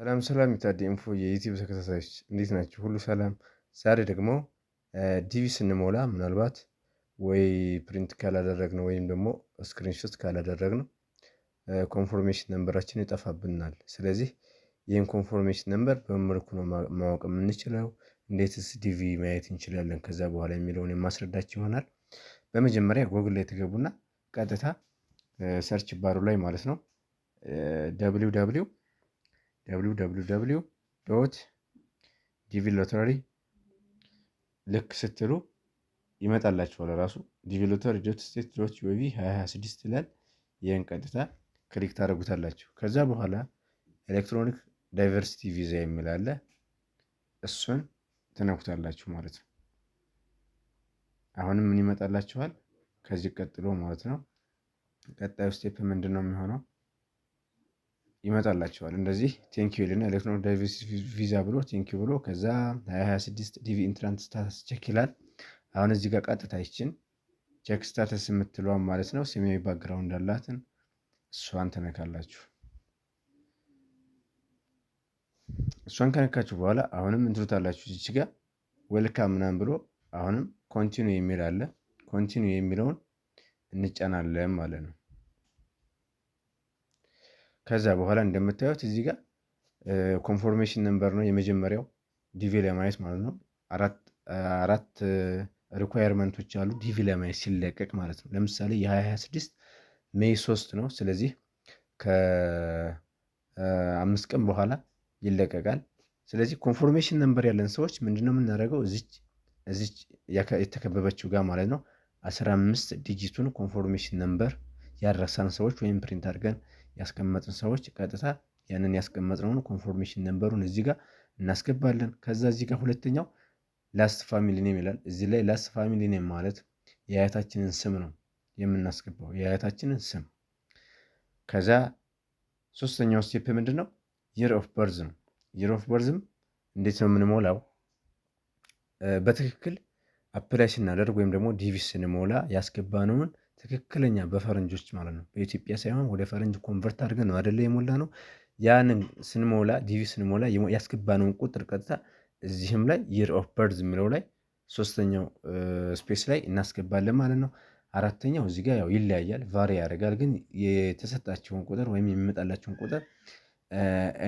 ሰላም ሰላም የታዲ ኢንፎ የዩቲዩብ ተከታታዮች እንዴት ናቸው? ሁሉ ሰላም። ዛሬ ደግሞ ዲቪ ስንሞላ ምናልባት ወይ ፕሪንት ካላደረግነው ወይም ደግሞ ስክሪንሾት ካላደረግነው ኮንፎርሜሽን ነንበራችን ይጠፋብናል። ስለዚህ ይህን ኮንፎርሜሽን ነንበር በመልኩ ነው ማወቅ የምንችለው? እንዴትስ ዲቪ ማየት እንችላለን? ከዛ በኋላ የሚለውን የማስረዳችሁ ይሆናል። በመጀመሪያ ጎግል ላይ ትገቡና ቀጥታ ሰርች ባሩ ላይ ማለት ነው ደብሊው ደብሊው ዶት ዲቪ ሎተሪ ልክ ስትሉ ይመጣላችኋል። ራሱ ዲቪ ሎተሪ ዶት ስቴት ዶት ዩቪ 26 ይላል። ይህን ቀጥታ ክሊክ ታደርጉታላችሁ። ከዛ በኋላ ኤሌክትሮኒክ ዳይቨርሲቲ ቪዛ የሚል አለ። እሱን ትነኩታላችሁ ማለት ነው። አሁንም ምን ይመጣላችኋል? ከዚህ ቀጥሎ ማለት ነው። ቀጣዩ ስቴፕ ምንድን ነው የሚሆነው? ይመጣላቸዋል። እንደዚህ ቴንኪዩ ይልና ኤሌክትሮኒክ ዳይቨርሲቲ ቪዛ ብሎ ቴንኪዩ ብሎ ከዛ 26 ዲቪ ኢንትራንት ስታተስ ቼክ ይላል። አሁን እዚህ ጋር ቀጥታ ይችን ቼክ ስታተስ የምትለዋን ማለት ነው ሰማያዊ ባክግራውንድ አላትን እሷን ተነካላችሁ። እሷን ከነካችሁ በኋላ አሁንም እንትሉታላችሁ እዚች ጋር ዌልካም ምናምን ብሎ አሁንም ኮንቲኒ የሚል አለ። ኮንቲኒ የሚለውን እንጫናለን ማለት ነው። ከዛ በኋላ እንደምታዩት እዚህ ጋር ኮንፎርሜሽን ነንበር ነው የመጀመሪያው ዲቪ ለማየት ማለት ነው። አራት ሪኳየርመንቶች አሉ ዲቪ ለማየት ሲለቀቅ ማለት ነው። ለምሳሌ የ2026 ሜይ 3 ነው። ስለዚህ ከአምስት ቀን በኋላ ይለቀቃል። ስለዚህ ኮንፎርሜሽን ነንበር ያለን ሰዎች ምንድነው የምናደርገው? እዚች እዚች የተከበበችው ጋር ማለት ነው 15 ዲጂቱን ኮንፎርሜሽን ነንበር?። ያረሳን ሰዎች ወይም ፕሪንት አድርገን ያስቀመጥን ሰዎች ቀጥታ ያንን ያስቀመጥነውን ኮንፎርሜሽን ነንበሩን እዚህ ጋር እናስገባለን። ከዛ እዚህ ጋር ሁለተኛው ላስት ፋሚሊ ኔም ይላል። እዚህ ላይ ላስት ፋሚሊ ኔም ማለት የአያታችንን ስም ነው የምናስገባው፣ የአያታችንን ስም። ከዛ ሶስተኛው ስቴፕ ምንድን ነው? ይር ኦፍ በርዝ ነው። ይር ኦፍ በርዝም እንዴት ነው የምንሞላው? በትክክል አፕላይ ስናደርግ ወይም ደግሞ ዲቪ ስንሞላ ያስገባነውን ትክክለኛ በፈረንጆች ማለት ነው በኢትዮጵያ ሳይሆን ወደ ፈረንጅ ኮንቨርት አድርገን ነው የሞላ ነው። ያንን ስንሞላ ዲቪ ስንሞላ ያስገባነውን ቁጥር ቀጥታ እዚህም ላይ ይር ኦፍ በርድ የሚለው ላይ ሶስተኛው ስፔስ ላይ እናስገባለን ማለት ነው። አራተኛው እዚህ ጋር ያው ይለያያል ቫሪ ያደርጋል። ግን የተሰጣቸውን ቁጥር ወይም የሚመጣላቸውን ቁጥር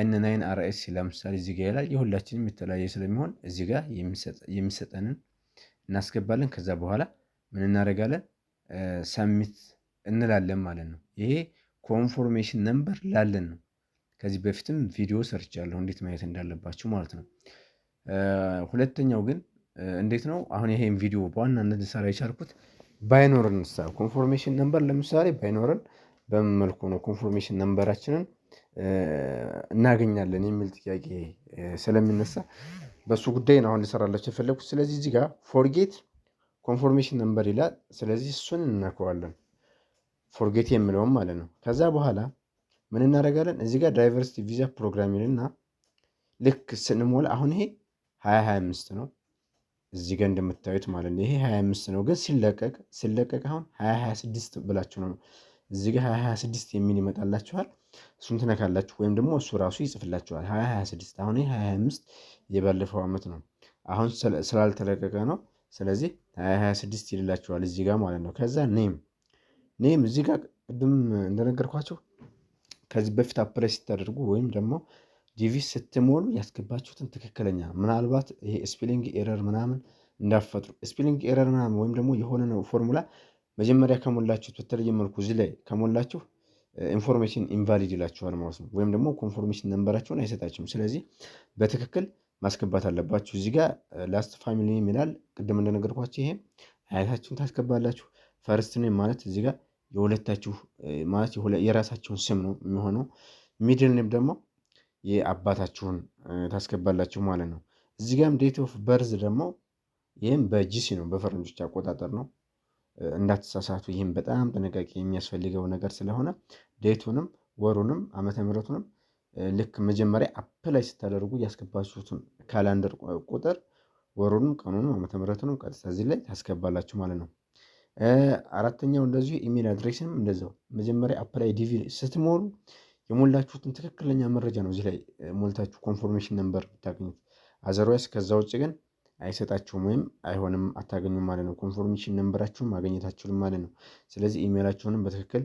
ኤን ናይን አር ኤስ ለምሳሌ እዚህ ጋር ይላል የሁላችንም የተለያየ ስለሚሆን እዚህ ጋር የሚሰጠንን እናስገባለን። ከዛ በኋላ ምን እናደርጋለን? ሰሚት እንላለን ማለት ነው። ይሄ ኮንፎርሜሽን ነምበር ላለን ነው። ከዚህ በፊትም ቪዲዮ ሰርቻለሁ እንዴት ማየት እንዳለባችሁ ማለት ነው። ሁለተኛው ግን እንዴት ነው አሁን ይሄን ቪዲዮ በዋናነት ልሰራ የቻልኩት ባይኖርን ሳ ኮንፎርሜሽን ነምበር ለምሳሌ ባይኖርን በምን መልኩ ነው ኮንፎርሜሽን ነምበራችንን እናገኛለን የሚል ጥያቄ ስለሚነሳ በእሱ ጉዳይ ነው አሁን ልሰራላቸው የፈለግኩት። ስለዚህ እዚህ ጋር ፎርጌት ኮንፎርሜሽን ነምበር ይላል። ስለዚህ እሱን እንነከዋለን ፎርጌት የምለውም ማለት ነው። ከዛ በኋላ ምን እናደርጋለን? እዚህ ጋር ዳይቨርሲቲ ቪዛ ፕሮግራም ይልና ልክ ስንሞላ አሁን ይሄ 2025 ነው እዚህ ጋር እንደምታዩት ማለት ነው። ይሄ 25 ነው ግን ሲለቀቅ ሲለቀቅ አሁን 2026 ብላችሁ ነው እዚህ ጋር 2026 የሚል ይመጣላችኋል። እሱን ትነካላችሁ ወይም ደግሞ እሱ ራሱ ይጽፍላችኋል 2026። አሁን ይሄ 25 የባለፈው ዓመት ነው። አሁን ስላልተለቀቀ ነው። ስለዚህ 2026 ስድስት ይልላችኋል እዚህ ጋር ማለት ነው። ከዛ ኔም ኔም እዚህ ጋር ቅድም እንደነገርኳቸው ከዚህ በፊት አፕላይ ስታደርጉ ወይም ደግሞ ዲቪ ስትሞሉ ያስገባችሁትን ትክክለኛ ምናልባት ይሄ ስፒሊንግ ኤረር ምናምን እንዳፈጥሩ ስፒሊንግ ኤረር ምናምን ወይም ደግሞ የሆነ ነው ፎርሙላ መጀመሪያ ከሞላችሁት በተለየ መልኩ እዚህ ላይ ከሞላችሁ ኢንፎርሜሽን ኢንቫሊድ ይላችኋል ማለት ነው። ወይም ደግሞ ኮንፎርሜሽን ነንበራችሁን አይሰጣችሁም። ስለዚህ በትክክል ማስገባት አለባችሁ። እዚህ ጋር ላስት ፋሚሊ ኔም ይላል። ቅድም እንደነገርኳችሁ ይሄ አያታችሁን ታስገባላችሁ። ፈርስት ኔም ማለት እዚህ ጋር የሁለታችሁ ማለት የራሳችሁን ስም ነው የሚሆነው። ሚድል ኔም ደግሞ የአባታችሁን ታስገባላችሁ ማለት ነው። እዚህ ጋም ዴት ኦፍ በርዝ ደግሞ ይህም በጂሲ ነው፣ በፈረንጆች አቆጣጠር ነው። እንዳትሳሳቱ። ይህም በጣም ጥንቃቄ የሚያስፈልገው ነገር ስለሆነ ዴቱንም ወሩንም ዓመተ ምሕረቱንም ልክ መጀመሪያ አፕ ላይ ስታደርጉ ያስገባችሁትን ካላንደር ቁጥር ወሩንም ቀኑንም ዓመተ ምሕረቱንም ቀጥታ እዚህ ላይ ታስገባላችሁ ማለት ነው። አራተኛው እንደዚሁ ኢሜል አድሬስንም እንደዚው መጀመሪያ አፕ ላይ ዲቪ ስትሞሉ የሞላችሁትን ትክክለኛ መረጃ ነው እዚህ ላይ ሞልታችሁ ኮንፎርሜሽን ነንበር ብታገኙት። አዘርዋይስ ከዛ ውጭ ግን አይሰጣችሁም ወይም አይሆንም አታገኙም ማለት ነው። ኮንፎርሜሽን ነምበራችሁን ማግኘታችሁን ማለት ነው። ስለዚህ ኢሜላችሁንም በትክክል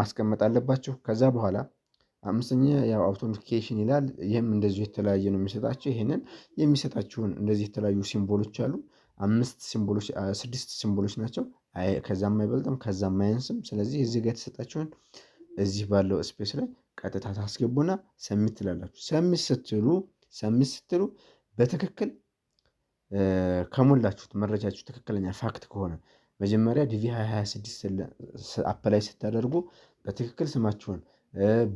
ማስቀመጥ አለባችሁ። ከዛ በኋላ አምስተኛ ያው አውቶንቲኬሽን ይላል ይህም እንደዚሁ የተለያየ ነው የሚሰጣቸው ይህንን የሚሰጣችሁን እንደዚህ የተለያዩ ሲምቦሎች አሉ አምስት ሲምቦሎች ስድስት ሲምቦሎች ናቸው። ከዛም አይበልጥም ከዛም አያንስም። ስለዚህ እዚህ ጋር የተሰጣችሁን እዚህ ባለው ስፔስ ላይ ቀጥታ ታስገቡና ሰሚት ትላላችሁ። ሰሚት ስትሉ ሰሚት ስትሉ በትክክል ከሞላችሁት መረጃችሁ ትክክለኛ ፋክት ከሆነ መጀመሪያ ዲቪ 2026 አፕላይ ስታደርጉ በትክክል ስማችሁን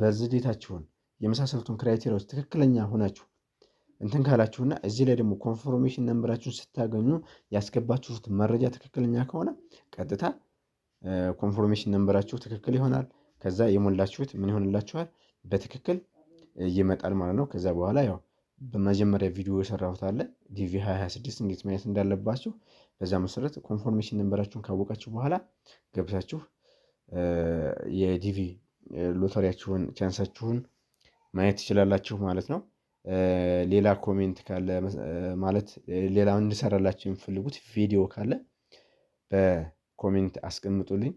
በርዝዴታችሁን የመሳሰሉትን ክራይቴሪያዎች ትክክለኛ ሆናችሁ እንትን ካላችሁና እዚህ ላይ ደግሞ ኮንፎርሜሽን ነንበራችሁን ስታገኙ ያስገባችሁት መረጃ ትክክለኛ ከሆነ ቀጥታ ኮንፎርሜሽን ነንበራችሁ ትክክል ይሆናል። ከዛ የሞላችሁት ምን ይሆንላችኋል? በትክክል ይመጣል ማለት ነው። ከዛ በኋላ ያው በመጀመሪያ ቪዲዮ የሰራሁት አለ ዲቪ 26 እንዴት ማየት እንዳለባችሁ። በዛ መሰረት ኮንፎርሜሽን ነንበራችሁን ካወቃችሁ በኋላ ገብታችሁ የዲቪ ሎተሪያችሁን ቻንሳችሁን ማየት ትችላላችሁ ማለት ነው። ሌላ ኮሜንት ካለ ማለት ሌላ እንድሰራላችሁ የምፈልጉት ቪዲዮ ካለ በኮሜንት አስቀምጡልኝ።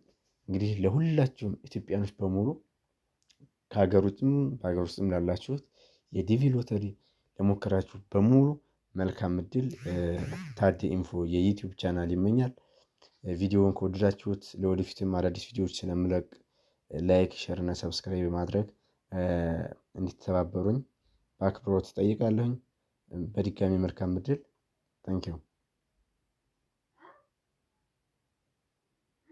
እንግዲህ ለሁላችሁም ኢትዮጵያኖች በሙሉ ከሀገር ውጭም በሀገር ውስጥም ላላችሁት የዲቪ ሎተሪ ለሞከራችሁ በሙሉ መልካም እድል። ታዴ ኢንፎ የዩቲዩብ ቻናል ይመኛል። ቪዲዮውን ከወደዳችሁት ለወደፊትም አዳዲስ ቪዲዮዎች ስለምለቅ ላይክ፣ ሼር እና ሰብስክራይብ በማድረግ እንዲተባበሩኝ በአክብሮት ትጠይቃለሁኝ። በድጋሚ መልካም እድል። ታንኪዩ